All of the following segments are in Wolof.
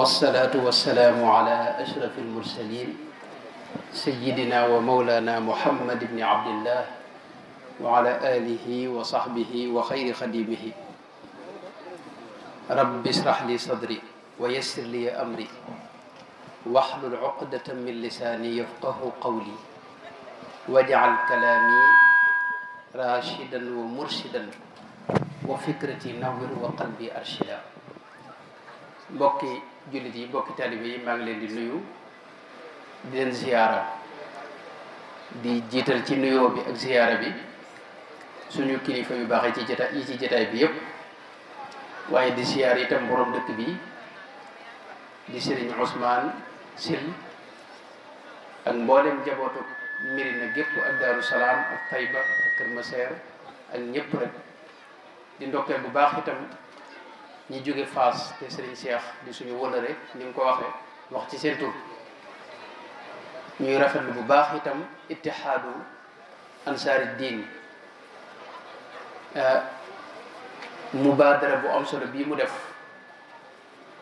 والصلاة والسلام على أشرف المرسلين سيدنا ومولانا محمد بن عبد الله وعلى آله وصحبه وخير خديمه رب اشرح لي صدري ويسر لي أمري واحلل عقدة من لساني يفقه قولي واجعل كلامي راشدا ومرشدا وفكرتي نور وقلبي أرشدا بقي jullit yi bokki taalibe yi maa ngi leen di nuyu di leen ziyaara di jiital ci nuyoo bi ak ziyaara bi suñu kilifa yu baax yi ci jataay bi yëpp waaye di ziyaar itam borom dëkk bi di sëriñ osmaan Sil ak mboolem jabootu na gépp ak Daaru Salaam ak Tayba ak Kër ak ñëpp rek di ndokkeel bu baax itam ñi jóge faas te Serigne Cheikh di suñu wëlëre ni mu ko waxee wax ci seen tur ñuy rafetlu bu baax itam ittihaadu ansaari diin euh, mubaadara bu am bii mu def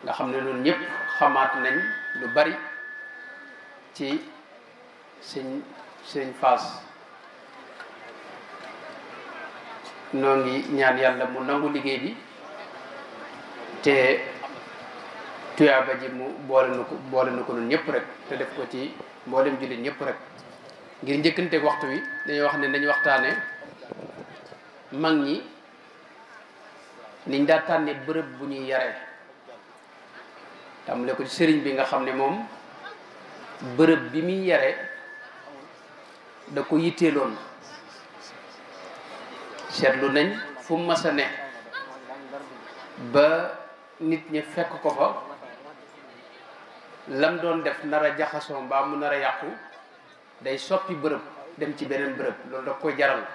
nga xam ne loolu ñëpp xamaat nañ lu bari ci sëñ sëñ Fass noon yi ñaan yàlla mu nangu liggéey bi te tuyaaba ji mu boole na ko boole na ko nun ñëpp rek te def ko ci mbooleem jullit ñëpp rek ngir njëkkante waxtu wi dañuy wax ne nañu waxtaane mag ñi niñ daa tànne bërëb bu ñuy yare tàmbale ko ci sëriñ bi nga xam ne moom bërëb bi muy yare da ko yitteeloon seetlu nañ fu mu ne ba nit ñi fekk ko fa lam doon def nar jaxasoo mbaam mu nar a yàqu day soppi bërëb dem ci beneen bërëb loolu da koy jaral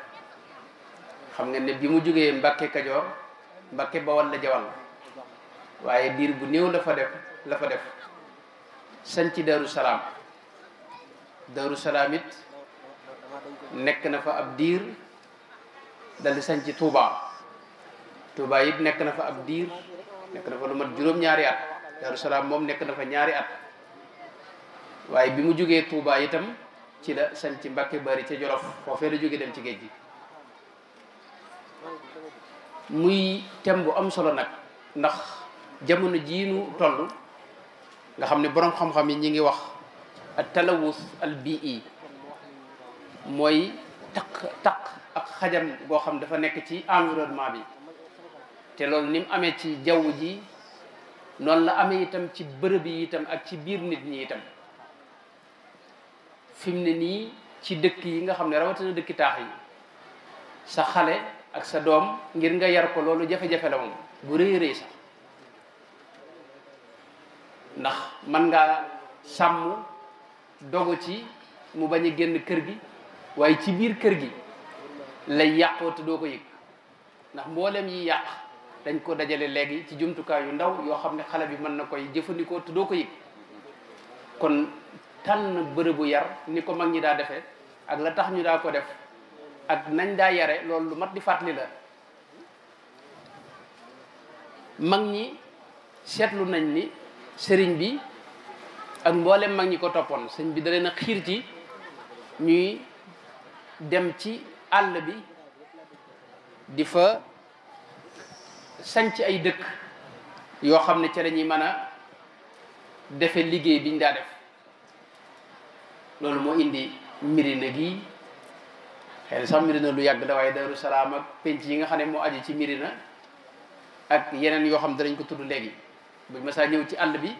xam nga ne bi mu jógee Mbàkke Kajoor Mbàkke Bawol la jawal waaye diir bu néew la fa def la fa def sañc Daaru Salaam Daaru nekk na fa ab diir dal di sañc Tuubaa Tuubaa it nekk na fa ab diir nek na fa lu mat juróom-ñaari at daru ya salam mom nek na fa ñaari at waye bi mu joge Touba itam ci la sañ ci bari jorof Jolof fe la joge dem ci Mui muy tem bu am solo nak ndax jamono ji nu toll nga xam borom xam-xam yi ñi ngi wax ak talawus al bii moy tak tak ak xajam bo xam dafa nek ci environnement bi te loolu ni mu amee ci jaww ji noonu la amee itam ci bërëb yi itam ak ci biir nit ñi itam fi mu ne nii ci dëkk yi nga xam ne rawatina dëkki taax yi sa xale ak sa doom ngir nga yar ko loolu jafe-jafe la moom bu rëy rëy sax ndax man ngaa sàmm dogu ci mu bañ a génn kër gi waaye ci biir kër gi lay yàqoo te doo ko yëg ndax mboolem yi yàq dañ ko dajale léegi ci jumtukaay yu ndaw yo xam xala bi mën na koy jëfandikoo ko yi kon tan bërebu yar ni ko mag ñi da defee ak la tax ñu da ko def ak nañ da yare loolu lu mat di fatli la mag ñi sétlu nañ ni sëriñ bi ak mbolé mag ñi ko topon sëriñ bi da leena xir ci ñuy dem ci all bi di fa sanc ay dëkk yoo xam ne ca la ñuy mën a defe liggéey biñ daa def loolu moo indi mirina gi xëy na sax mirina lu yàgg la waaye daru salaam ak penc yi nga xam ne moo ci mirina ak yeneen yoo xam danañ ko tudd léegi buñ masaa ñëw ci àll bi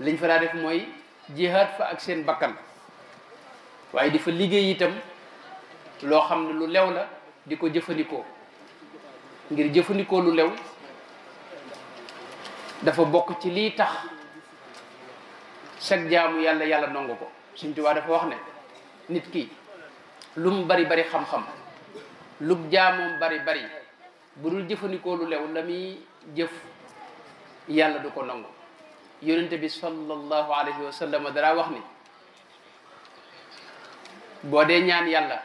liñ fa daa def mooy jihaat fa ak seen bakkan waaye di fa liggéey itam loo xam ne lu lew la di ko ngir jëfandikoo lu lew dafa bokk ci lii tax sag jaamu yàlla yàlla nangu ko Sëñ Tuubaa dafa wax ne nit ki lu bari bari xam-xam lu jaamoom bari bari bu dul jëfandikoo lu lew la muy jëf yàlla du ko nangu yonente bi sallallahu alayhi wa dara wax ni boo dee ñaan yàlla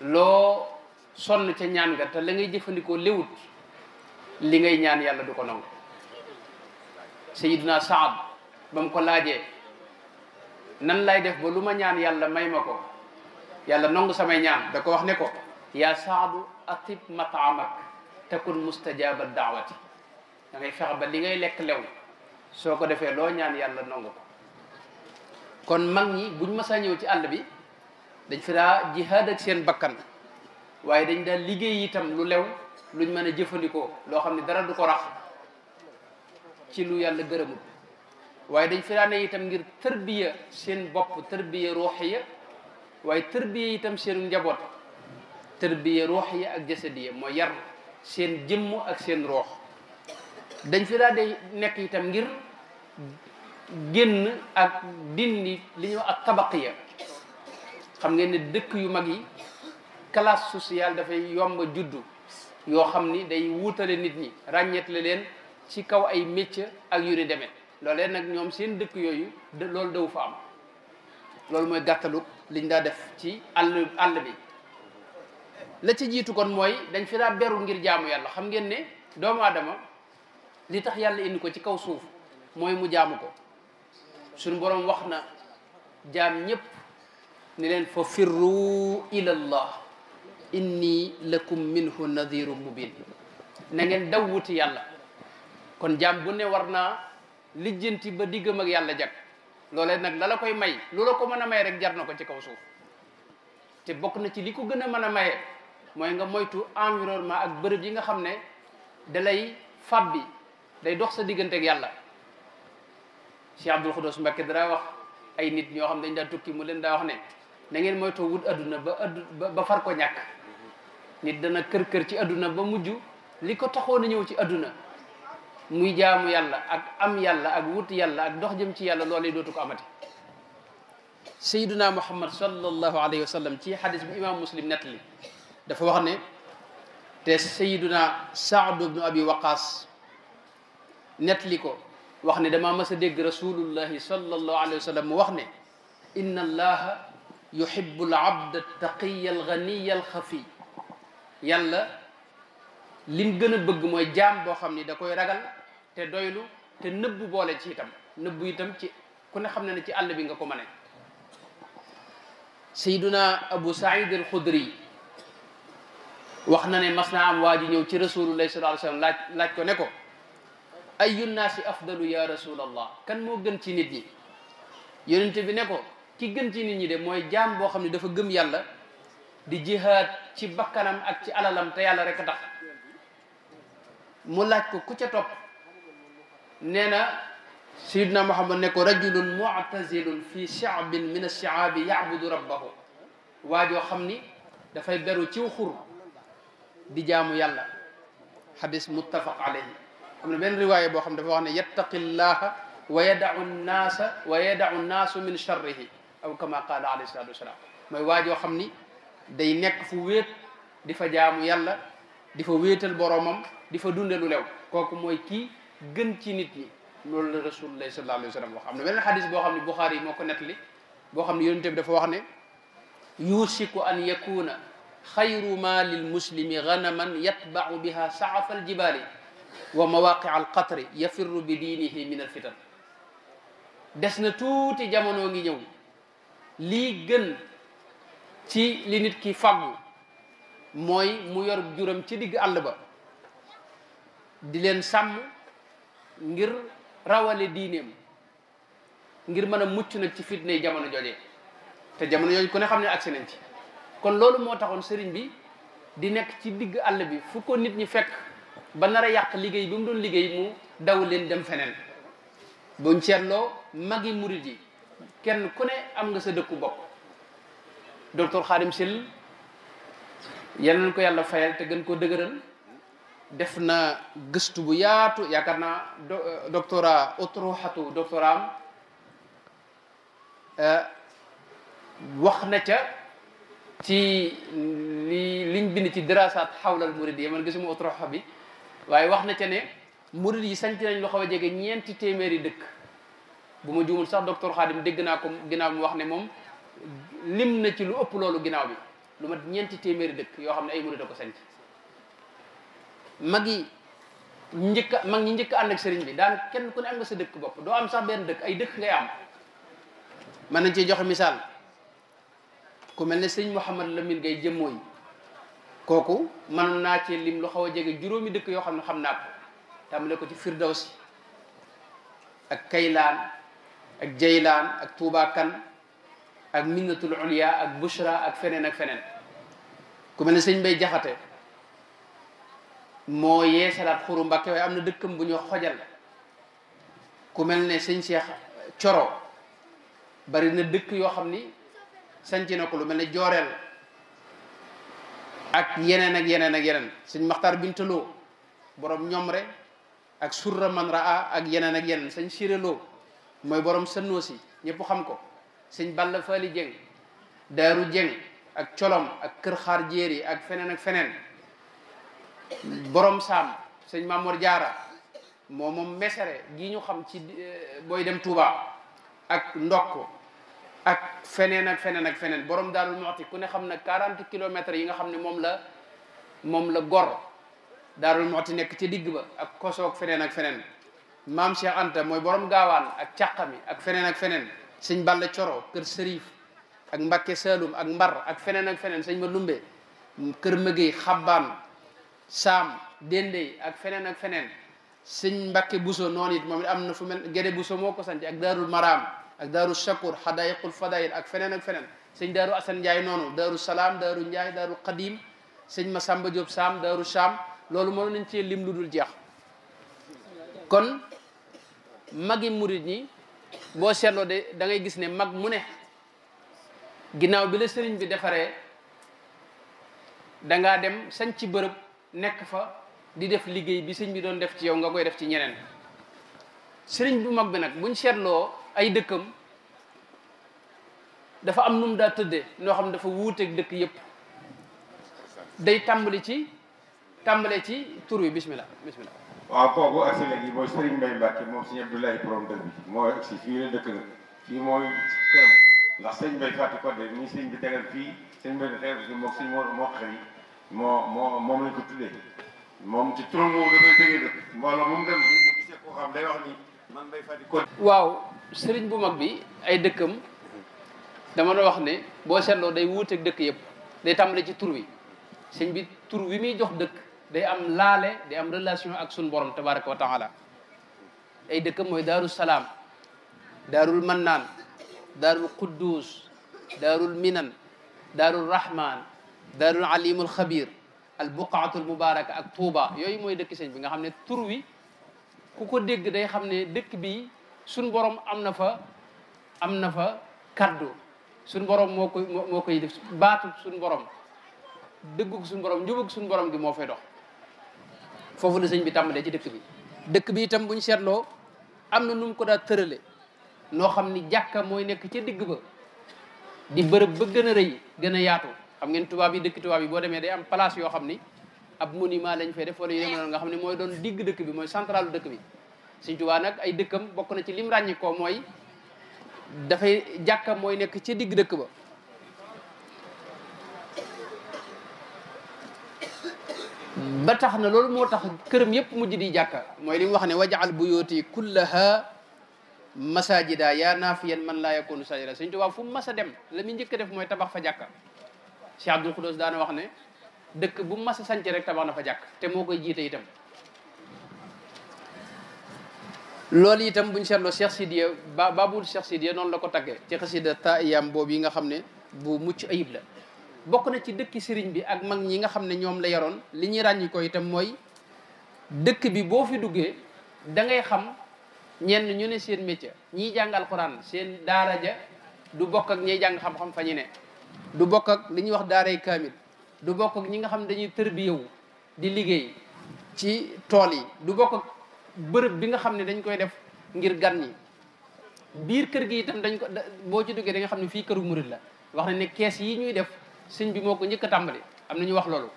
loo sonn ca ñaan nga te la ngay jëfandikoo léwut li ngay ñaan yàlla du ko nangu sayiduna saad ba mu ko laajee nan lay def ba lu ma ñaan yàlla may ma ko yàlla nangu samay ñaan da ko wax ne ko yaa saadu atib mataamak takun mustajaaba daawati dangay fexe ba li ngay lekk lew soo ko defee loo ñaan yàlla nangu ko kon mag ñi buñ mësaa ñëw ci àll bi dañ fi daa jihaad ak seen bakkan waaye dañ daan liggéey itam lu lew luñ mën a jëfandikoo loo xam ne dara du ko rax ci lu yàlla gërëmu waaye dañ fi daane itam ngir tërbiya seen bopp tërbiya ruuxiya waaye tërbiya itam seen njaboot tërbiya ruuxiya ak jasadiya mooy yar seen jëmm ak seen roox dañ fi daal day nekk itam ngir génn ak dindi li ñuy wax ak tabaqiya xam ngeen ne dëkk yu mag yi classe sociale fay yomb juddu yo xamni ni day wutale nit ñi le len ci kaw ay métier ak yuri ni lolé nak nag seen dëkk yoyu de loolu fa am loolu moy gattalu liñ da def ci all all bi la ci jitu kon moy dañ fi da beru ngir jaamu yalla xam ngeen ne doomu adama li tax yalla indi ko ci kaw suuf moy mu jaamu ko suñu borom waxna jaam ñepp ni len fa firru ilallah inni lakum minhu nadirun mubin na ngeen daw wuti yàlla kon jaam bu ne war naa lijjanti ba diggam ak yàlla jag loolee nag la la koy may lu la ko mën a may rek jar na ko ci kaw suuf te bokk na ci li ko gën a mën a maye mooy nga moytu environnement ak bërëb yi nga xam ne dalay lay fabbi day dox sa diggante ak yàlla Cheikh Abdul Xudos Mbakke dara wax ay nit ñoo xam dañ daa tukki mu leen daa wax ne na ngeen moytoo wut adduna ba addu ba far ko ñàkk nit dana kër kër ci aduna ba mujj li ko taxoon a ñëw ci aduna muy jaamu yàlla ak am yàlla ak wut yàlla ak dox jëm ci yàlla loolee dootu ko amati sayyiduna muhammad sallallahu alayhi wa sallam ci hadith bi imam muslim nett li dafa wax ne te sayyiduna sa'd ibn abi waqas nett li ko wax ne dama mësa dégg rasulullah sallallahu alayhi wa sallam wax ne inna allaha yuhibbu al abda altaqiya alganiya alxafiy yàlla lim gën a bëgg mooy jaam boo xam ni da koy ragal te doylu te nëbbu boole ci itam nëbbu itam ci ku ne xam ne ne ci àll bi nga ko mëne sayduna abu saïd al xudri wax na ne mas naa am waa ji ñëw ci rasulullahi sallallahu alayhi wasallam laaj laaj ko ne ko ayu naasi afdalu ya rasulallah kan moo gën ci nit ñi yonente bi ne ko ki gën ci nit ñi de mooy jaam boo xam ne dafa gëm yàlla di jihad ci bakkanam ak ci alalam te yàlla rek tax mu laaj ko ku ca topp nee na sayidna muhammad ne ko rajulun mu'tazilun fi shi'bin min ash-shi'abi ya'budu rabbahu waa joo xam ni dafay beru ci xur di jaamu yàlla xadis muttafaq alayhi am na benn riwaaya boo xam dafa wax ne yattaqi wa yadau nnaasa wa yadau nnaasu min sharrihi aw kama qala alayhi salatu wasalam mooy waa joo xam ni day nekk fu wéet di fa jaamu yàlla di fa wéetal boromam di fa dunde lu lew kooku mooy kii gën ci nit ñi loolu la rasulullah sallallahu alayhi wa sallam wax am na beneen xadis boo xam ne buxaari yi moo ko nettali boo xam ne yonente bi dafa wax ne yuusiku an yakuna xayru ma lil muslimi ganaman yatbacu biha saafa aljibaali wa mawaqi alqatri yafirru bi diinihi min alfitan des na jamono ngi ñëw lii gën ci li nit ki fàggu mooy mu yor juram ci digg àll ba di leen sàmm ngir rawale diineem ngir mën a mucc nag ci fitnay jamono jooje te jamono jooju ku ne xam ne agsi nañ ci kon loolu moo taxoon sëriñ bi di nekk ci digg àll bi fu ko nit ñi fekk ba nar a yàq liggéey bi mu doon liggéey mu daw leen dem feneen buñ seetloo magi murit yi kenn ku ne am nga sa dëkku bopp docteur Khadim Sill yal nañ ko yàlla fayal te gën koo dëgëral def na gëstu bu yaatu yaakaar naa euh, doctorat autoroxatu doctorat euh, wax na ca ci li liñ bind ci dirasaat xawlal murid yi man gisuma autoroxa bi waaye wax na ca ne murid yi sanc nañ lu xaw a jege ñeenti téeméeri dëkk bu ma juumul sax docteur Khadim dégg naa ko ginnaaw mu wax ne moom lim na ci lu ëpp loolu ginnaaw bi lu mat ñeenti téeméeri dëkk yoo xam ne ay murit a ko sanc mag yi njëkk mag ñi njëkk ànd ak sëriñ bi daan kenn ku ne am nga sa dëkk bopp doo am sax benn dëkk ay dëkk ngay am mën nañ ci joxe misaal ku mel ni sëñ Mouhamad Lamine Gaye jëmmoo yi kooku mën naa ci lim lu xaw a jege juróomi dëkk yoo xam ne xam naa ko tàmbale ko ci Firdawsi ak Kaylaan ak Jaylaan ak Tuubaa ak minnatul ulya ak bushra ak feneen ak feneen ku mel ne sëñ bay jaxate moo yeesalaat xuru mbàkke waaye am na dëkkam bu ñu xojal ku mel ne sëñ seex coro bari na dëkk yoo xam ni sanc na ko lu mel ne jooreel ak yeneen ak yeneen ak yeneen sëñ maxtaar bintaloo borom ñoom re ak surra man raa ak yeneen ak yeneen sëñ siréloo mooy borom sënnoo si ñépp xam ko señ balla li jeng daru jeng ak colom ak keur xar jeri ak fenen ak fenen, borom sam, señ mamour jaara momom mesere gi ñu xam ci eh, boy dem touba ak ndokko ak fenen ak fenen ak fenen, borom daru moxti ku ne xam na 40 km yi nga xam ne mom la mom la gor daarul moxti nek ci digg ba ak ak fenen ak fenen, mam cheikh anta moy borom gawan, ak càqami ak fenen ak fenen. sëñ Balla Coro kër Sërif ak Mbakke Saalum ak Mbar ak feneen ak feneen sëñ ma Lumbe kër Mëgey Xabbaan Saam Dendey ak feneen ak feneen sëñ Mbakke Buso noonu it moom it am na fu mel gere Buso moo ko sant ak Daarul Maraam ak Daarul Shakur Xadayiqul Fadayil ak feneen ak feneen sëñ Daaru Asan Njaay noonu Daaru Salaam Daaru Njaay Daaru Xadim sëñ ma sàmba Diop Saam Daaru Saam loolu mënoon nañ cee lim lu dul jeex kon magi murit ñi bo seetloo de da ngay gis ne mag mu ne ginnaaw bi la sëriñ bi defaree da nga dem sañ ci bërëb nek fa di def liggéey bi sëñ bi doon def ci yow nga koy def ci ñeneen sëriñ bu mag bi nak buñ seetloo ay dëkkam dafa am num da tëddee no xam dafa wuuteeg dëkk yépp day tambali ci tàmbale ci tour bi bismillah bismillah waaw kooku ak si léegi mooy Serigne Mbaye Mbacke moom Serigne Abdoulaye borom dër bi moo ak si fii la dëkk nag fii mooy këram ndax sëñ Mbaye de nii bi tegal fii sëñ Mbaye da tegal fii moom sëñ moo moo xëy moo moo moom lañ ko tuddee moom ci turam woowu dafay déggee dëkk mbooloo moom xam day wax ni man Mbaye fàtte ko waaw sëriñ bu mag bi ay dëkkam dama doon wax ne boo seetloo day wuuteeg dëkk yëpp day tàmbale ci tur wi sëñ bi tur wi muy jox dëkk day am laale day am relation ak sun borom tabaraka wa taala ay dëkk mooy daaru salaam daarul mannaan daarul quddus daarul minan daarul rahman daarul alimul xabir al al mubaraka ak tuuba yooyu mooy dëkk sëñ bi nga xam ne tur wi ku ko dégg day xam ne dëkk bi suñ borom am na fa am na fa kaddu suñ borom moo koy moo koy def baatu suñ borom dëggug suñ borom njubug suñ borom gi moo fay dox foofu la sëñ bi tàmbalee ci dëkk bi dëkk bi itam ñu seetloo am na nu mu ko daa tërale noo xam ni jàkka mooy nekk ca digg ba di bërëb ba gën a rëy gën a yaatu xam ngeen tubaab yi dëkk tubaab yi boo demee day am place yoo xam ni ab monument lañ fay def wala yu nga xam ne mooy doon digg dëkk bi mooy centralu dëkk bi sëñ Tuubaa nag ay dëkkam bokk na ci lim ràññikoo mooy dafay jàkka mooy nekk ca digg dëkk ba ba tax na loolu moo tax këram yëpp mujj di jàkka mooy li mu wax ne wajaal buyooti kullaha masajida yaa naafiyan man laa yakunu sajida Sëñ Tuubaa fu mu mas a dem la muy njëkk a def mooy tabax fa jàkka Cheikh Abdul Xudoos daana wax ne dëkk bu mu mas a sanc rek tabax na fa jàkk te moo koy jiite yitam loolu itam buñ seetloo Cheikh Sidiya ba babul Cheikh Sidiya noonu la ko taggee ci xasida taayam boobu yi nga xam ne bu mucc ayib la bokk na ci dëkki sëriñ bi ak mag ñi nga xam ne ñoom la yaroon li ñuy ràññi itam mooy dëkk bi boo fi duggee da ngay xam ñenn ñu ne seen métier ñiy jàng alxuraan seen daara ja du bokk ak ñiy jàng xam-xam fa ñu ne. du bokk ak li ñuy wax daaray kaamil du bokk ak ñi nga xam ne dañuy tërbiyewu di liggéey ci tool yi du bokk ak bërëb bi nga xam ne dañ koy def ngir gan ñi. biir kër gi itam dañ ko boo ci duggee da nga xam ne fii këru murid la wax na ne kees yi ñuy def. sëñ bi moo ko njëkk a tàmbali am na ñu wax loolu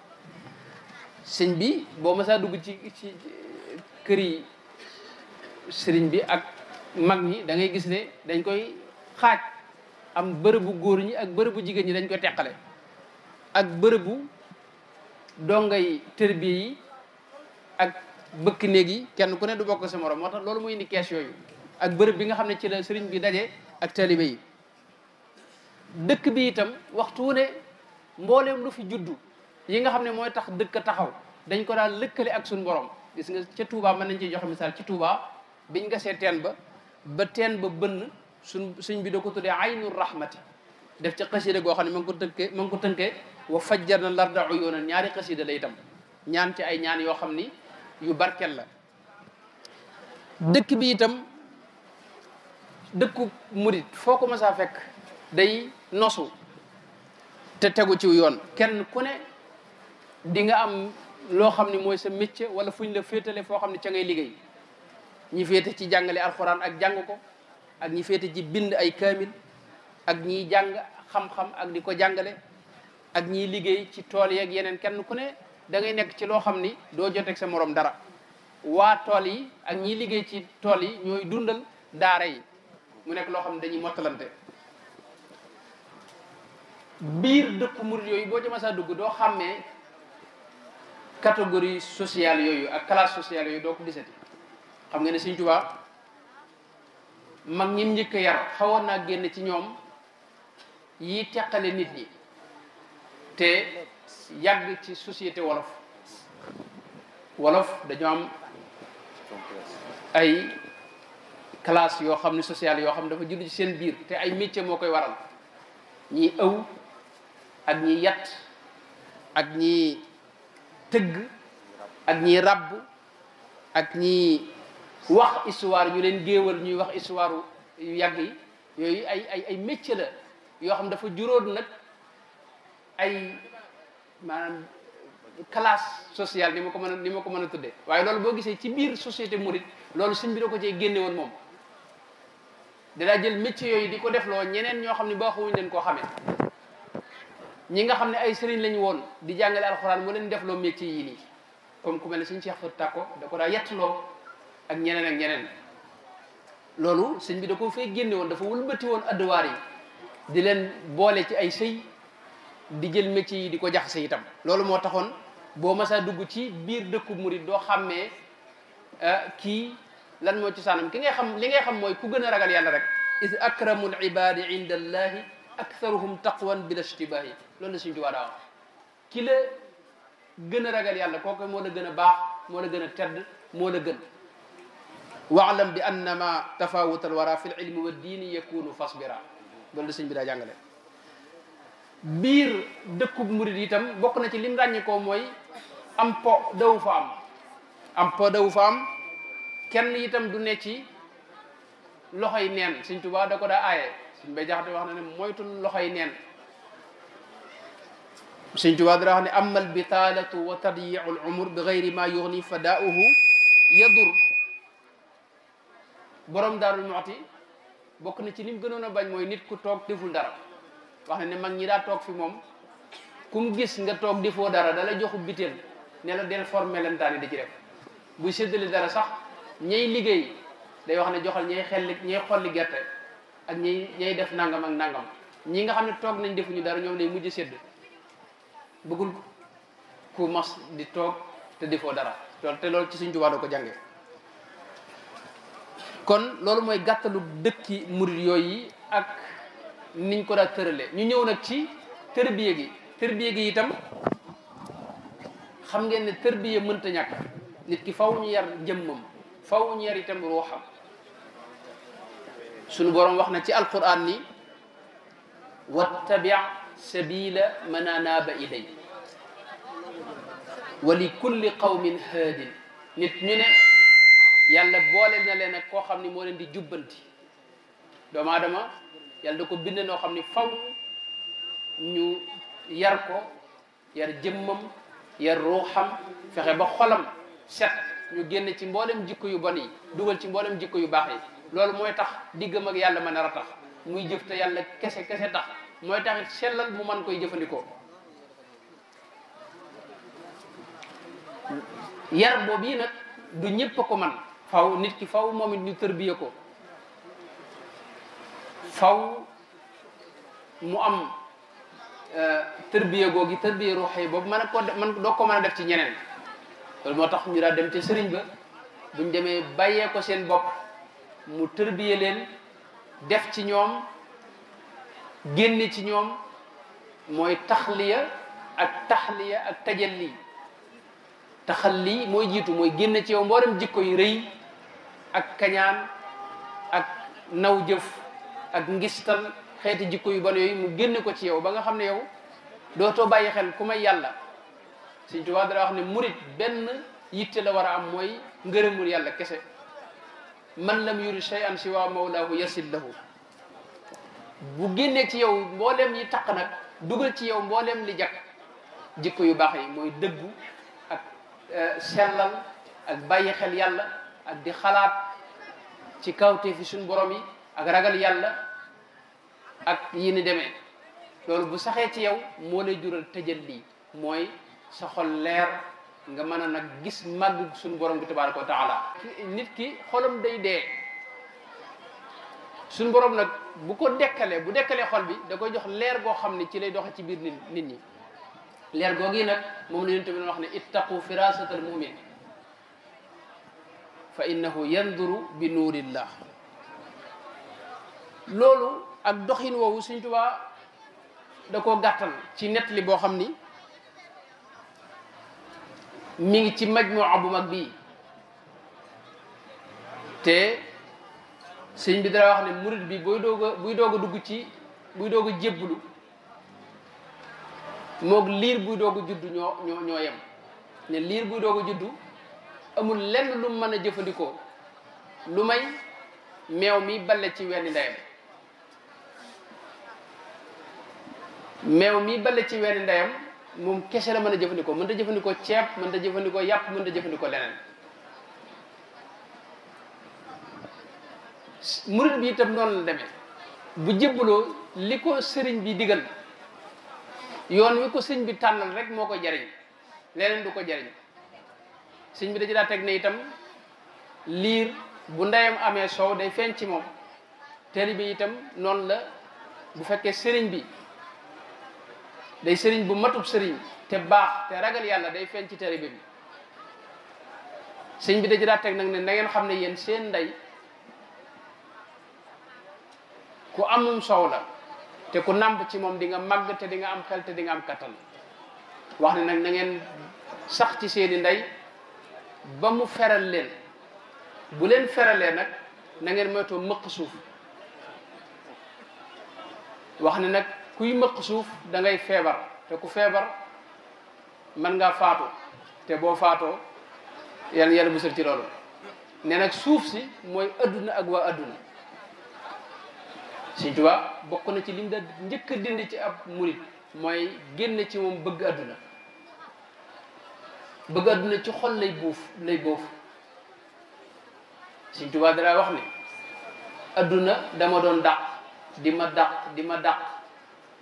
sëñ bi boo mësaa dugg ci ci kër yi sëriñ bi ak mag ñi dangay gis ne dañ koy xaaj am bërëbu góor ñi ak bërëbu jigéen ñi dañ koy teqale ak bërëbu dongay tërbiye yi ak bëkk néeg yi kenn ku ne du bokk sa morom moo loolu muy indi kees yooyu ak bërëb bi nga xam ne ci la sëriñ bi daje ak taalibe yi dëkk bi itam waxtu wu ne mbooleem lu fi juddu yi nga xam ne mooy tax dëkk taxaw dañ ko daan lëkkale ak suñu borom gis nga ca Touba mën nañ ci joxe misaal ci Touba biñ see teen ba ba teen ba bënn suñ suñ bi da ko tuddee aynu rahmati def ca xasida goo xam ne ma ngi ko tënkee ma ko tënkee wa fajjar na larda uyunan ñaari xasida la itam ñaan ci ay ñaan yoo xam ni yu barkel la dëkk bi itam dëkku murit foo ko mas fekk day nosu te tegu ciw yoon kenn ku ne di nga am loo xam ne mooy sa métier wala fuñ la féetale foo xam ne ca ngay liggéey ñi féete ci jàngale alxuraan ak jàng ko ak ñi féete ci bind ay kaamil ak ñiy jàng xam-xam ak di ko jàngale ak ñiy liggéey ci tool yeeg yeneen kenn ku ne da ngay nekk ci loo xam ni doo joteeg sa moroom dara waa tool yi ak ñiy liggéey ci tool yi ñooy dundal daara yi mu nekk loo xam ne dañuy mottalante biir dëkku murid yooyu boo jëma saa dugg doo xàmmee catégorie sociale yooyu ak classe sociale yooyu doo ko gisati xam nga ne Sëriñ Tuubaa mag ñim njëkk a yar xawoon naa génn ci ñoom yi teqale nit ñi te yàgg ci société wolof wolof dañoo am ay classe yoo xam ne sociale yoo xam ne dafa judd ci seen biir te ay métier moo koy waral ñi ëw ak ñi yat ak ñi teug ak ñi rabb ak ñi wax histoire ñu leen yoi ñuy wax histoire yu yàgg yi ay ay ay métier la yo xam dafa juróon nak ay manam classe sociale ni mako ni mako meuna tuddé waye tuddee bo gisé ci biir société mouride loolu suñu bi da ko cee génne woon moom da jël métier yooyu di ko def lo ñeneen ño xamni bo leen ko xamé ñi nga xam ne ay sëriñ lañu woon di jàngale alxuraan mu leen def loo métier yii nii comme ku mel ne suñ Cheikh Fatou Tako da ko daa yettloo ak ñeneen ak ñeneen loolu sëñ bi da ko fay génne woon dafa wëlbati woon adduwaar yi di leen boole ci ay sëy di jël métier yi di ko jaxase itam loolu moo taxoon boo masaa dugg ci biir dëkku murit doo xàmmee euh, kii lan moo ci saanam ki ngay xam li ngay xam mooy ku gën a ragal yàlla rek is akramul ibadi inda allahi aktharuhum taqwan bila ishtibahi loolu la suñ tubaa daa wax ki la gën a ragal yàlla kooku moo la gën a baax moo la gën a tedd moo la gën bi annama tafawut alwara fi lilmi wa diini yakunu fasbira loolu la bi daa itam bokk na ci lim ràññi mooy am po dawu fa am kenn itam du ne ci loxoy neen suñ tubaa da ko daa aaye suñ wax na ne moytu loxoy neen suñ tubaa dara wax ne ama albitaalatu wa tadyiu alumur bi gayri ma fadaauhu yadur borom daarul moxti bokk na ci lim gënoon a bañ mooy nit ku toog deful dara wax na ne mag ñi daal toog fi moom kum gis nga toog difoo dara dala joxu biteel ne la del formé leen daani di ci buy séddale dara sax ñay liggéey day wax ne joxal ñay xolli gerte ak ñi ñay def nangam ak nangam ñi nga xamni tok nañ defu ñu dara ñom lay mujj sedd bëggul ku mas di tok te defo dara lool te lool ci suñ tubaa ko jànge kon loolu mooy gàttalu dëkki murid yi ak niñ ko da teurele ñu ñëw nak ci terbiye gi terbiye gi itam xam ngeen ne mën ta ñak nit ki faaw ñu yar jëmmam faaw ñu yar itam ruuxam سونو بوروم واخنا سي القران ني واتبع سبيل من اناب الي ولكل قوم هاد نيت ني نه يالا بولال نا لين كو خامني مو لين دي جوبنتي دوما دما يالا دكو بيند نو خامني فاو ñu yar ko yar jëmmam yar ruuxam fexe ba xolam set ñu génn ci mbooleem jikko yu bon yi dugal ci mbooleem loolu moy tax digam ak yalla mën a ratax muy jëf te yalla kese kese tax moy tax selal mu man koy jëfandikoo yar bobu nak du ñepp ko man faw nit ki faw momit ñu terbiye ko faw mu am euh, terbiye gogi terbiye ruhi boobu man ko man do ko man def ci ñeneen loolu motax ñu daa dem ci serigne ba buñ démé bayé ko seen bop mu tërbiye leen def ci ñoom génne ci ñoom mooy taxliya ak taxliya ak tajalli lii mooy jiitu mooy génne ci yow mboolem jikko yu rëy ak kañaan ak naw jëf ak ngistal xeeti jikko yu bon yooyu mu génne ko ci yow ba nga xam ne yow dootoo bàyyi xel ku may yàlla Sëñ Tuubaa dara wax ne murit benn yitte la war a am mooy ngërëmul yàlla kese man lam yuri shay'an siwa mawlaahu yasid lahu bu génnee ci yow mboolem yi taq nag dugal ci yow mboolem li jag jikko yu baax yi mooy ak selal ak bàyyi xel yàlla ak di xalaat ci kawte fi suñ borom yi ak ragal yàlla ak yi ni demee loolu bu saxee ci yow moo lay jural tëjal lii mooy sa xol leer nga mën a nag gis màgg suñu borom bi tabaraka wa taala nit ki xolam day dee suñu borom nag bu ko dekkalee bu dekkalee xol bi da ko jox leer goo xam ne ci lay doxe ci biir nit nit ñi leer googu nag moom la yonent bi wax ne ittaqu firasat al mumin fa innahu yanduru bi nuurillah loolu ak doxin woowu Sëñ Tuubaa da koo gàttal ci nett boo xam ni mi ngi ci majmuwa bu mag bii te sëñ bi dara wax ne murid bi buy doog buy doog a dugg ci buy doog a jébbalu moog liir buy doog a juddu ñoo ñoo yem ne liir buy doog a juddu amul lenn lu mën a jëfandikoo lu may meew mi balle ci wenn ndeyam meew mi balle ci wenn ndeyam moom kese la mën a jëfandikoo mën ta jëfandikoo ceeb mën ta jëfandikoo yàpp mën ta jëfandikoo leneen murit bi itam noonu la demee bu jébbaloo li ko sëriñ bi digal yoon wi ko sëriñ bi tànnal rek moo ko jariñ leneen du ko jariñ sëriñ bi da ci teg ne itam liir bu ndeyam amee soow day feeñ ci moom teel bi itam noonu la bu fekkee sëriñ bi day sëriñ bu matub sëriñ te baax te ragal yàlla day feeñ ci taribe bi sëñ bi da ci daa teg nag ne na xam ne yéen seen ndey ku amum soow la te ku nàmp ci moom dinga nga màgg te di nga am xel te di am kattan wax ne nag na ngeen sax ci seeni ndey ba mu feral leen bu leen feralee nag na ngeen moytoo mëq suuf wax ne nag kuy mëq suuf dangay feebar te ku feebar mën ngaa faatu te boo faatoo yàlla yàlla musal ci loolu ne nag suuf si mooy adduna ak waa àdduna Sëñ Tuubaa bokk na ci lim da njëkk a ci ab murit mooy génn ci moom bëgg àdduna bëgg adduna ci xol lay buuf lay boof Sëñ Tuubaa dara wax ni àdduna dama doon dàq di ma dàq di ma dàq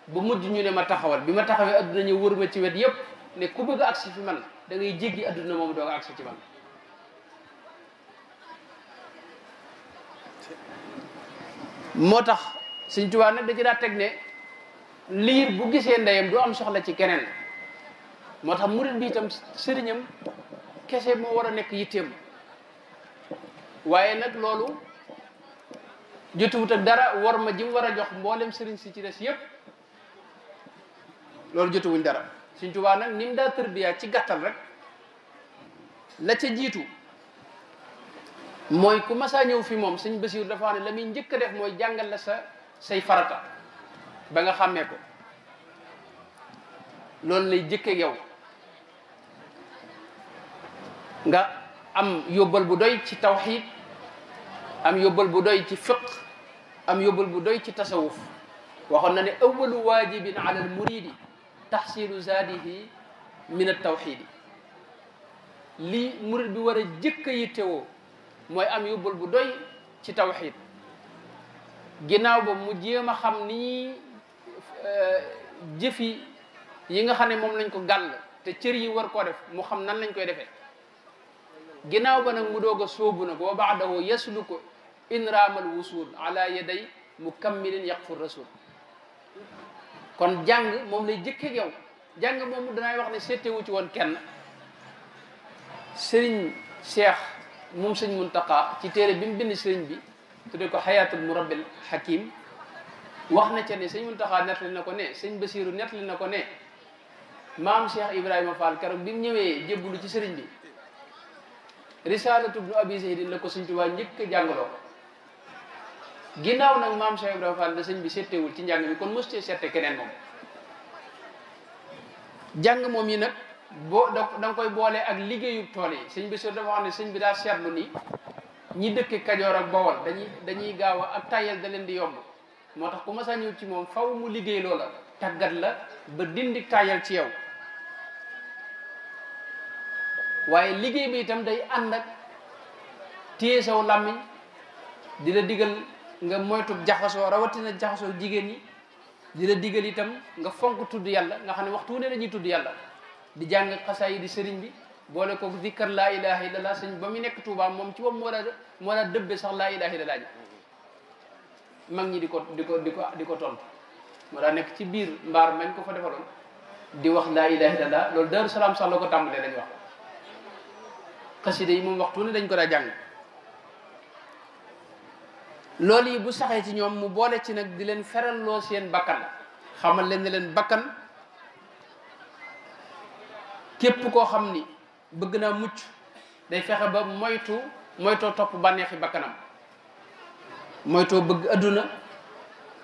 ba mujj ñu ne ma taxawal bi ma taxawee adduna ñu wër ma ci wet yépp ne ku bëgg agsi fi man dangay ngay jéggi adduna moom doo agsi ci man moo tax Sëñ Tuubaa nag da ci teg ne liir bu gisee ndeyam du am soxla ci keneen moo tax murit bi itam sëriñam kese moo war a nekk yitteem waaye nag loolu jotuwut ak dara war ma ji war a jox mboolem sëriñ si ci des yépp loolu jotewuñ dara suñ Tuubaa nag ni daa tërbiyaa ci gàttal rek la ca jiitu mooy ku masaa ñëw fi moom Sëñ Basiiru dafa wax ne la muy njëkk def mooy jàngal la sa say farata ba nga xàmmee ko loolu lay jëkkee yow nga am yóbbal bu doy ci tawxiid am yóbbal bu doy ci fiq am yóbbal bu doy ci tasawuf waxoon na ne awalu waajibin ala al muridi taxsilu zaadihi min at-tawxiidi lii murit bi war a jëkk a yittewoo mooy am yóbbal bu doy ci tawxiid ginnaaw ba mu jéem a xam ni euh, jëfi yi nga xam ne moom lañ ko gàll te cër yi war koo def mu xam nan lañ koy defee ginnaaw ba nag mu doog a sóobu nag wa baadahu yasluku inraamal wusul ala yaday mukammilin yaqfur rasul kon jàng moom lay jëkk ak yow jàng moomu danaay wax ne seetewu ci woon kenn sëriñ Cheikh moom sëñ Muntaqa ci téere bi mu bind sëriñ bi tudde ko xayaatul murabbil hakim wax na ca ne sëñ Muntaqa nettali na ko ne sëñ Basiiru nettali na ko ne maam Cheikh Ibrahima Fall keroog bi ñëwee jébbalu ci sëriñ bi risaalatu ibnu abi zaydin la ko sëñ Tuubaa njëkk jàngaloo ginnaaw na maam Cheikh Ibrahima Fall la sëñ bi setewul ci njàng mi kon mos cee sette keneen moom jàng moom yi nag boo da nga koy boole ak liggéeyu tool yi sëñ bi dafa wax ne sëñ bi daa seetlu ni ñi dëkk Kajoor ak Bawol dañuy dañuy gaaw ak tayal da leen di yomb moo tax ku mas a ci moom faw mu liggéey loola tàggat la ba dindi tayal ci yow waaye liggéey bi itam day ànd ak téye saw làmmiñ di la digal nga moytu jaxasoo rawatina jaxasoo jigéen ñi dina la digal itam nga fonk tudd yàlla nga xam ne waxtu wu ne dañuy tudd yàlla di jàng xasaa yi di sëriñ bi boole ko zikkar laa ilaha illallah sëñ ba mu nekk Tuubaa moom ci boobu moo daa moo daa dëbbe sax laa ilaha illallah ji mag ñi di ko di ko di ko di ko tontu moo daa nekk ci biir mbaar mañ ko fa defaloon di wax laa ilaha illallah loolu Daaru Salaam sax la ko tàmbalee lañu wax xasida yi moom waxtu ne dañ ko daa jàng loolu yi bu saxee ci ñoom mu boole ci nag di leen feral loo seen bakkan xamal leen ne leen bakkan képp koo xam ni bëgg naa mucc day fexe ba moytu moytoo topp bànneexi bakkanam moytoo bëgg adduna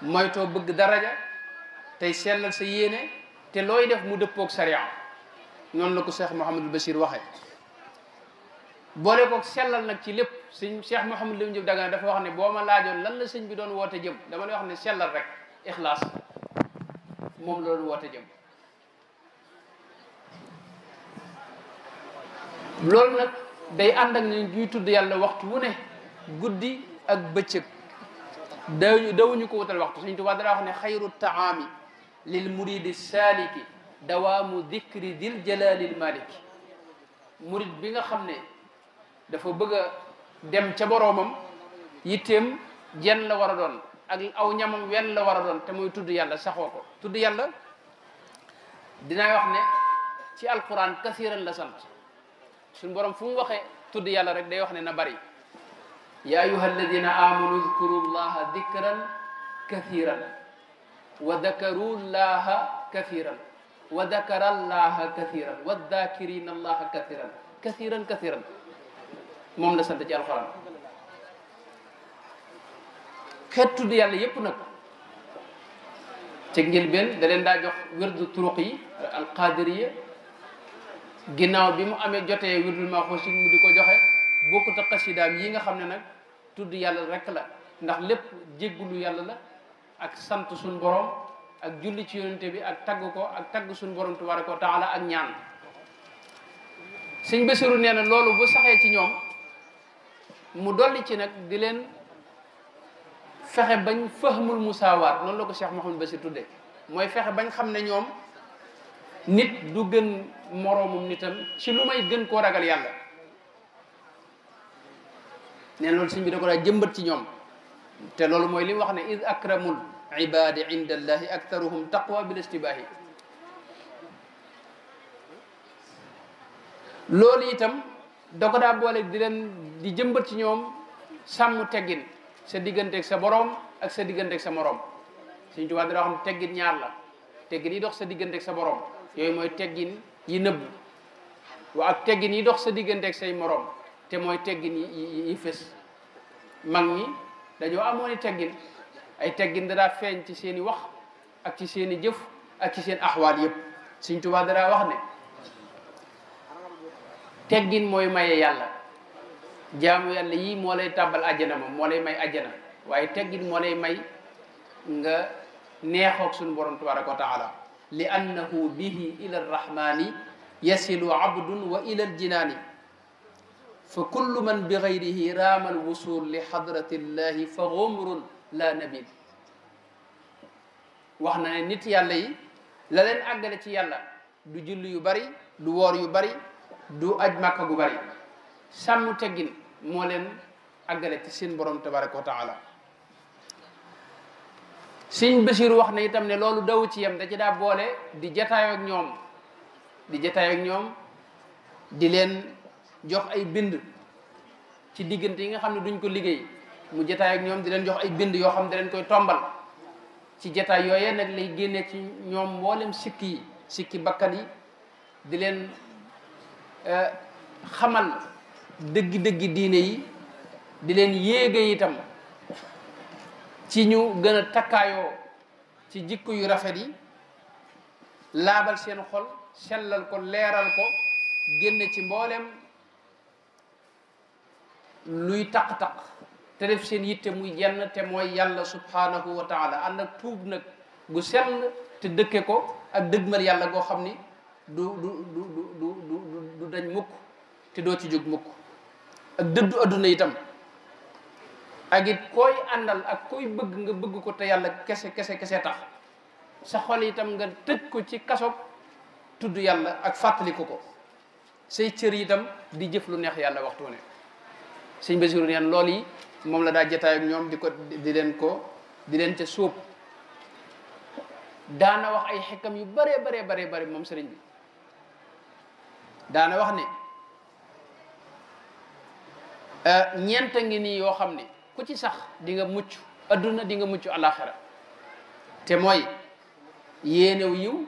moytoo bëgg daraja tey sellal sa yéene te looy def mu dëppoog sariya noonu la ko Cheikh Mouhamadul Bachir waxee bolé koog sellal nak ci lépp seigne Cheikh mohammed Lamine Diop daga dafa wax ni boma ma lan la seigne bi doon wote jëm dama lay wax ni sellal rek ikhlas mom la doon wote jëm lol nak day ànd ak ni ñuy tudd yàlla waxtu wu ne guddi ak beccëk dawuñu dawuñu ko wutal waxtu seigne Tuubaa dara wax ni khayru taami lil muridi saliki dawamu dhikri dil jalaalil malik murid bi nga xamne dafa bëgg a dem ca boroomam yitteem jenn la war a doon ak aw ñamam wenn la war a doon te muy tudd yàlla saxoo ko tudd yàlla dina wax ne ci alquran kasiran la sant suñu borom fu mu waxee tudd yàlla rek day wax ne na bari ya ayuha alladina amanu dkuru llaha dikran kathiran wa dakaru llaha kathiran wa dakara llaha kathiran wa dakirina moom la sant ci alxuraan xeet tudd yàlla yépp nag ci njëlbeen da daa jox wirdu turuq yi alqadiriya ginnaaw bi mu amee jotee wirdul maxuus mu di ko joxe bokkut ak xasidaam yi nga xam ne nag tudd yàlla rek la ndax lépp jéggulu yàlla la ak sant suñu borom ak julli ci yonente bi ak tagg ko ak suñu borom tabaraka wa ak ñaan sëñ Basiru nee na loolu bu saxee ci ñoom mu dolli ci nag di leen fexe bañ fahmul musaawaat noonu la ko Cheikh Mouhamed Bassir tudde mooy fexe bañ xam ne ñoom nit du gën moroomum nitam ci lu may gën koo ragal yàlla neen loolu sëñ bi da ko daa jëmbat ci ñoom te loolu mooy li wax ne id akramul ibadi inda allahi aktaruhum taqwa bil istibaahi loolu itam da ko daa boole di leen di jëmbat ci ñoom sàmm teggin sa ak sa borom ak sa ak sa morom señ tuba dara xam teggin ñaar la teggin yi dox sa ak sa borom yooyu mooy teggin yi nëbb wa ak teggin yi dox sa ak say morom te mooy teggin yi yi fës mag ñi dañoo amoon teggin ay teggin dara feeñ ci seeni wax ak ci seeni jëf ak ci seen axwaat yépp señ tuba dara wax ne teggin mooy maye yàlla jaamu yàlla yii moo lay tàbbal àjjana moom moo lay may àjjana waaye teggin moo lay may nga neexoog suñu borom tabaraka wa taala li annahu bihi ila arrahmani yasilu abdun wa ila aljinani fa kullu man bi ghayrihi rama alwusul li hadrati llahi fa ghumrun la nabil wax na ne nit yàlla yi la leen àggale ci yàlla du julli yu bari du woor yu bari du aj màkka gu bari sàmm teggin moo leen àggale ci seen borom tabaraka wa taala sëñ Basiir wax na itam ne loolu daw ci yem da ci daa boole di jataayoo ak ñoom di jataayoo ak ñoom di leen jox ay bind ci diggante yi nga xam ne duñ ko liggéey mu jataay ak ñoom di leen jox ay bind yoo xam ne leen koy tombal ci jataay yooyee nag lay génne ci ñoom mboolem sikki yi sikki bakkan yi di leen eh, xamal dëggi-dëggi diine yi di leen yéege itam ci ñu gën a takkaayoo ci jikko yu rafet yi laabal seen xol sellal ko leeral ko génne ci mbooleem luy taq-taq te def seen yitte muy yenn te mooy yàlla subhanahu wa taala ànd ak tuub nag gu sell te dëkke ko ak dëgmal yàlla goo xam ni du du du du du du dañ mukk te doo ci jóg mukk ak dëddu aduna itam ak it koy andal ak koy bëgg nga bëgg ko te yàlla kese kese kese tax sa xol itam nga tëj ko ci kasob tudd yàlla ak fàttaliku ko say cër itam di jëf lu neex yàlla waxtu ne sëñ basiru neen lool yi la daa jataay ak ñoom di ko di leen ko di leen ca daana wax ay hikam yu bare bare bare bare moom sëriñ bi daana wax ne Euh, ñeent a ngi nii yoo xam ne ku ci sax dinga mucc adduna di nga mucc alaxira te mooy yéenew yiw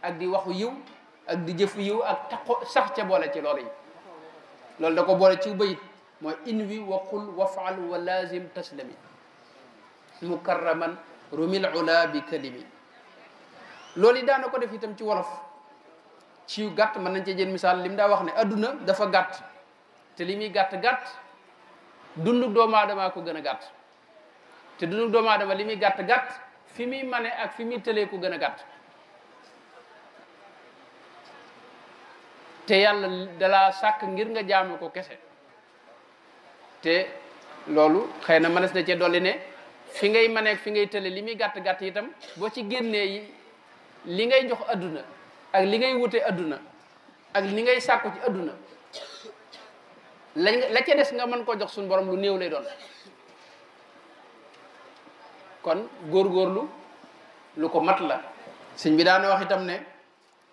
ak di waxu yiw ak di jëfu yiw ak taqo sax ca boole ci loolu yi loolu da ko boole ci bayit mooy inwi wa qul wafal wa lazim taslami mukarraman rumil ula bi kalimi loolu yi daana ko def itam ci wolof ci gàtt mën nañ cee jël misaal lim daa wax ne àdduna dafa gàtt te mi gatt gatt dunduk do ma dama ko gëna gatt te dundug doomu ma li muy gatt gàtt fi mane ak fimi télé ko gëna gatt te yàlla dala sak ngir nga jaamu ko kese te lolu xeyna na mënees na cee dolli ne fi ngay maneeg fi ngay télé limi gatt gatt itam bo ci génné yi li ngay jox aduna ak li ngay wuté aduna ak li ngay sakku ci aduna la ca dess nga man ko jox sun borom lu néew lay doon kon góorgóorlu lu ko mat la sëñ bi daana wax itam ne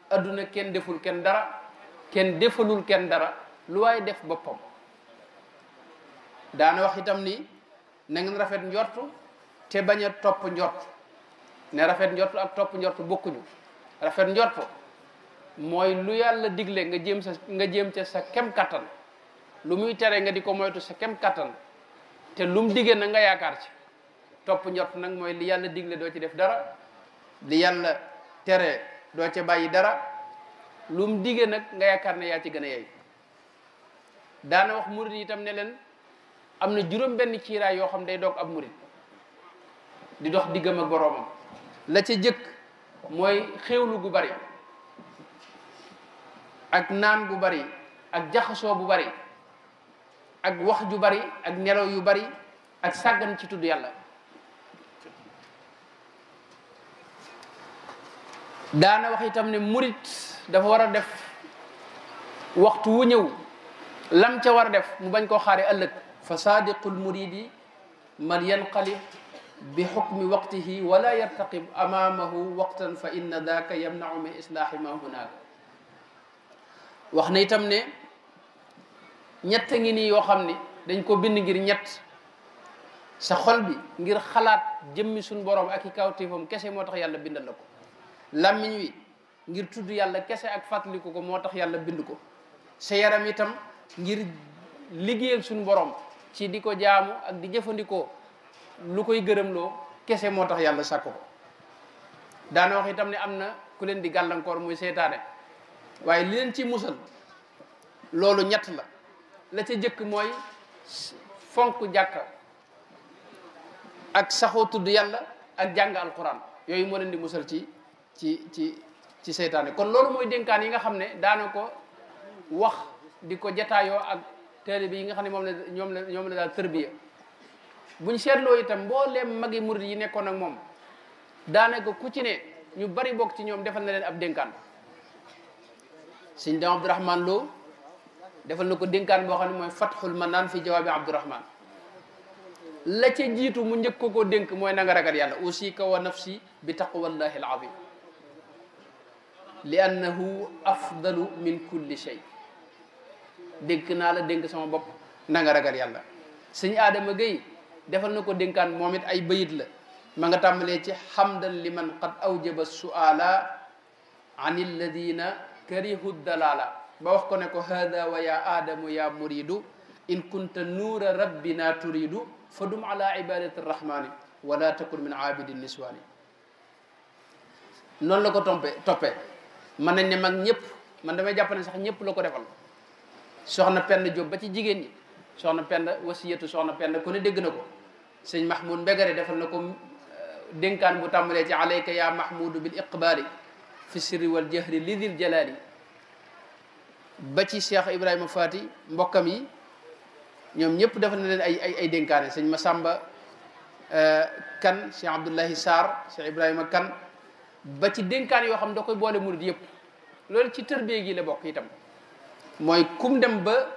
aduna ken deful ken dara ken defalul ken dara lu way def bopam daana wax itam ni na ngeen rafet njortu te baña top njortu ne rafet njortu ak topp njort bokkuñu rafet njortu moy lu yalla digle nga jëm sa nga jëm ci sa kem katan. lu muy tere nga di ko moytu sa kem kattan te lum mu diggee na nga yaakaar ci topp njot nag mooy li yàlla digle doo ci def dara li yàlla tere doo ca bàyyi dara lu mu diggee nag nga yaakaar ne yaa ci gën a yey daana wax murit itam ne leen am na juróom benn kiiraay yoo xam day doog ab murit di dox diggam ak boroomam la ca jëkk mooy xéewlu gu bari ak naan gu bari ak jaxasoo bu bari ak wax ju bari ak nelaw yu bari ak sàggan ci tudd yàlla daana wax itam ne murit dafa war a def waxtu wu ñëw lam ca war a def mu bañ ko xaare ëllëg fa saadiqul muridi man yanqalib bi xukmi waqtihi wala yartaqib amaamahu waqtan fa inna daaka yamnau min islaahi ma hunaaka wax na itam ne ñett ngi nii yoo xam ne dañ ko bind ngir ñett sa xol bi ngir xalaat jëmmi suñ borom ak i kawtéefam kese moo tax yàlla bindal la ko làmmiñ ngir tudd yàlla kese ak fàttaliku ko moo tax yàlla bind ko sa yaram itam ngir liggéeyal suñ borom ci di ko jaamu ak di jëfandikoo lu koy gërëmloo kese moo tax yàlla sàkk ko daana wax itam ne am na ku leen di gàllankoor muy seytaane waaye li leen ci musal loolu ñett la la ca jëkk mooy fonk jàkka ak saxoo tudd yàlla ak jàng alquran yooyu moo leen di musal ci ci ci ci seytaane kon loolu mooy dénkaan yi nga xam ne daana ko wax di ko jataayoo ak téere bi yi nga xam ne moom la ñoom la la daal tërbiya buñ seetloo itam mbooleem magi murid yi nekkoon ak moom daanaka ku ci ne ñu bari bokk ci ñoom defal na leen ab dénkaan sëñ Daam Abdourahman Lo defal na ko dénkaan boo xam ne mooy fatxul manaan fi jawaabi abdurahman la ca jiitu mu njëkk ko dénk mooy na nga ragal yàlla usika wa nafsi bi taqwallahi al azim li annahu afdalu min kulli shay dénk naa la dénk sama bopp nanga nga ragal yàlla sëñ aadama gay defal na ko dénkaan moom it ay bayit la ma nga tàmbalee ci xamdan liman qad awjaba suala an alladina karihu dalala ba wax ko ne ko hada wa ya aadamu ya muridu in kunta nuura rabbina turidu fa dum ala ibadati rahmani wala takun min abidi niswani noonu la ko tompe toppee mën nañ ne mag ñëpp man damay jàpp ne sax ñëpp la ko defal soxna pend Jóob ba ci jigéen ñi soxna pend wasiyatu soxna pend ku ne dégg na ko sëñ mahmoud de defal na ko euh, dénkaan bu tàmbalee ci alayka ya mahmudu bil iqbaali fi sirri wal jahri lidil jalaali ba ci cheikh ibrahima fati mbokam yi ñom ñëpp def na len ay ay ay denkaré masamba euh, kan cheikh abdullah sar cheikh ibrahima kan ba ci dénkaan yo xam da koy boole murid yëpp lool ci tërbie gi la bok itam moy kum dem ba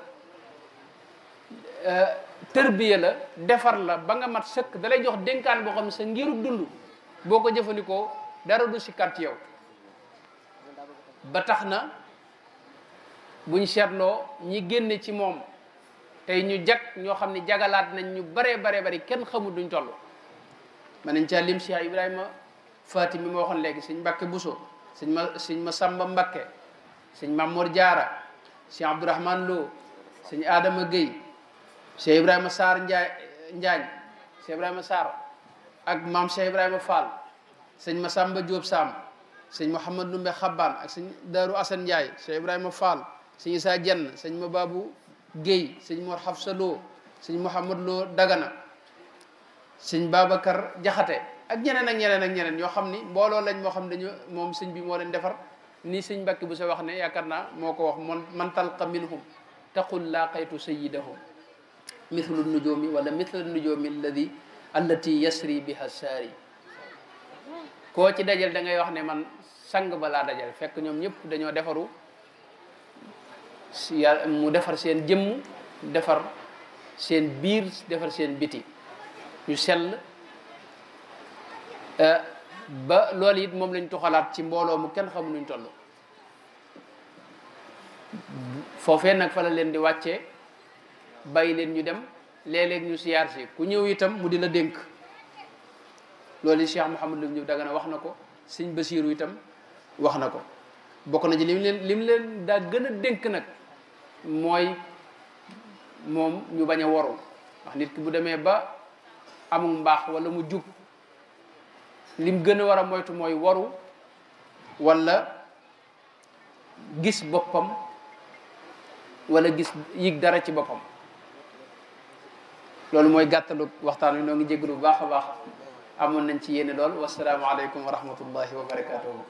euh, terbiya la defar la ba nga mat sekk da lay jox dénkaan bo xam sa ngiru dund boko ko dara du ci carte yow ba taxna buñ seetloo ñi génne ci moom tey ñu jag ñoo xam ne jagalaat nañ ñu bare bare bari kenn xamul duñ toll man nañ caa lim Cheikh Ibrahima Faati mi ma waxoon léegi sëñ Mbàkke Buso sëñ ma sëñ ma Samba Mbàkke sëñ Mamoor Jaara sëñ Abdourahman Lo sëñ Adama Guèye Cheikh Ibrahima Sarr Njaa Njaañ Cheikh Ibrahima Sarr ak maam Cheikh Ibrahima Fall sëñ ma Samba Diop Sam sëñ Mouhamad Ndumbe Xabbaan ak sëñ Daaru Asan Njaay Cheikh Ibrahima Fall sëñ Isaa Jenn sëñ Mabaabu Géy sëñ Mor sa Loo sëñ Mouhamad Loo Dagana sëñ baabakar Jaxate ak ñeneen ak ñeneen ak ñeneen ñoo xam ni mbooloo lañ moo xam dañu moom sëñ bi moo leen defar ni sëñ mbakki bu sa wax ne yaakaar naa moo ko wax man man talqa minhum taqul laaqaytu sayidahum mithlu nujoomi wala mithlu nujoomi alladi ti yasri bi saari koo ci dajal da wax ne man sang balaa dajal fekk ñoom ñëpp dañoo defaru si yàlla mu defar seen jëmm defar seen biir defar seen biti ñu sell eh, ba loolu it moom lañ toxalaat ci mbooloo mu kenn xamu nuñ toll foofee nag fa la leen di wàcce bàyyi leen ñu dem léeg-léeg ñu siyaar si ku ñëw itam mu di la dénk loolu Cheikh Mouhamadou Lamine Diouf Dagana wax na ko sëñ Basiiru itam wax na ko bokk na ci lim leen leen daa gën a dénk nag mooy moom ñu bañ a waru ndax nit ki bu demee ba amul mbaax wala mu jub lim gën a war a moytu mooy waru wala gis boppam walla gis yëg dara ci boppam loolu mooy gàttalu waxtaan wi noo ngi jégalu bu baax a baax amoon nañ ci yéene lool wasalaamaaleykum wa rahmatullahi wa barakatuhu.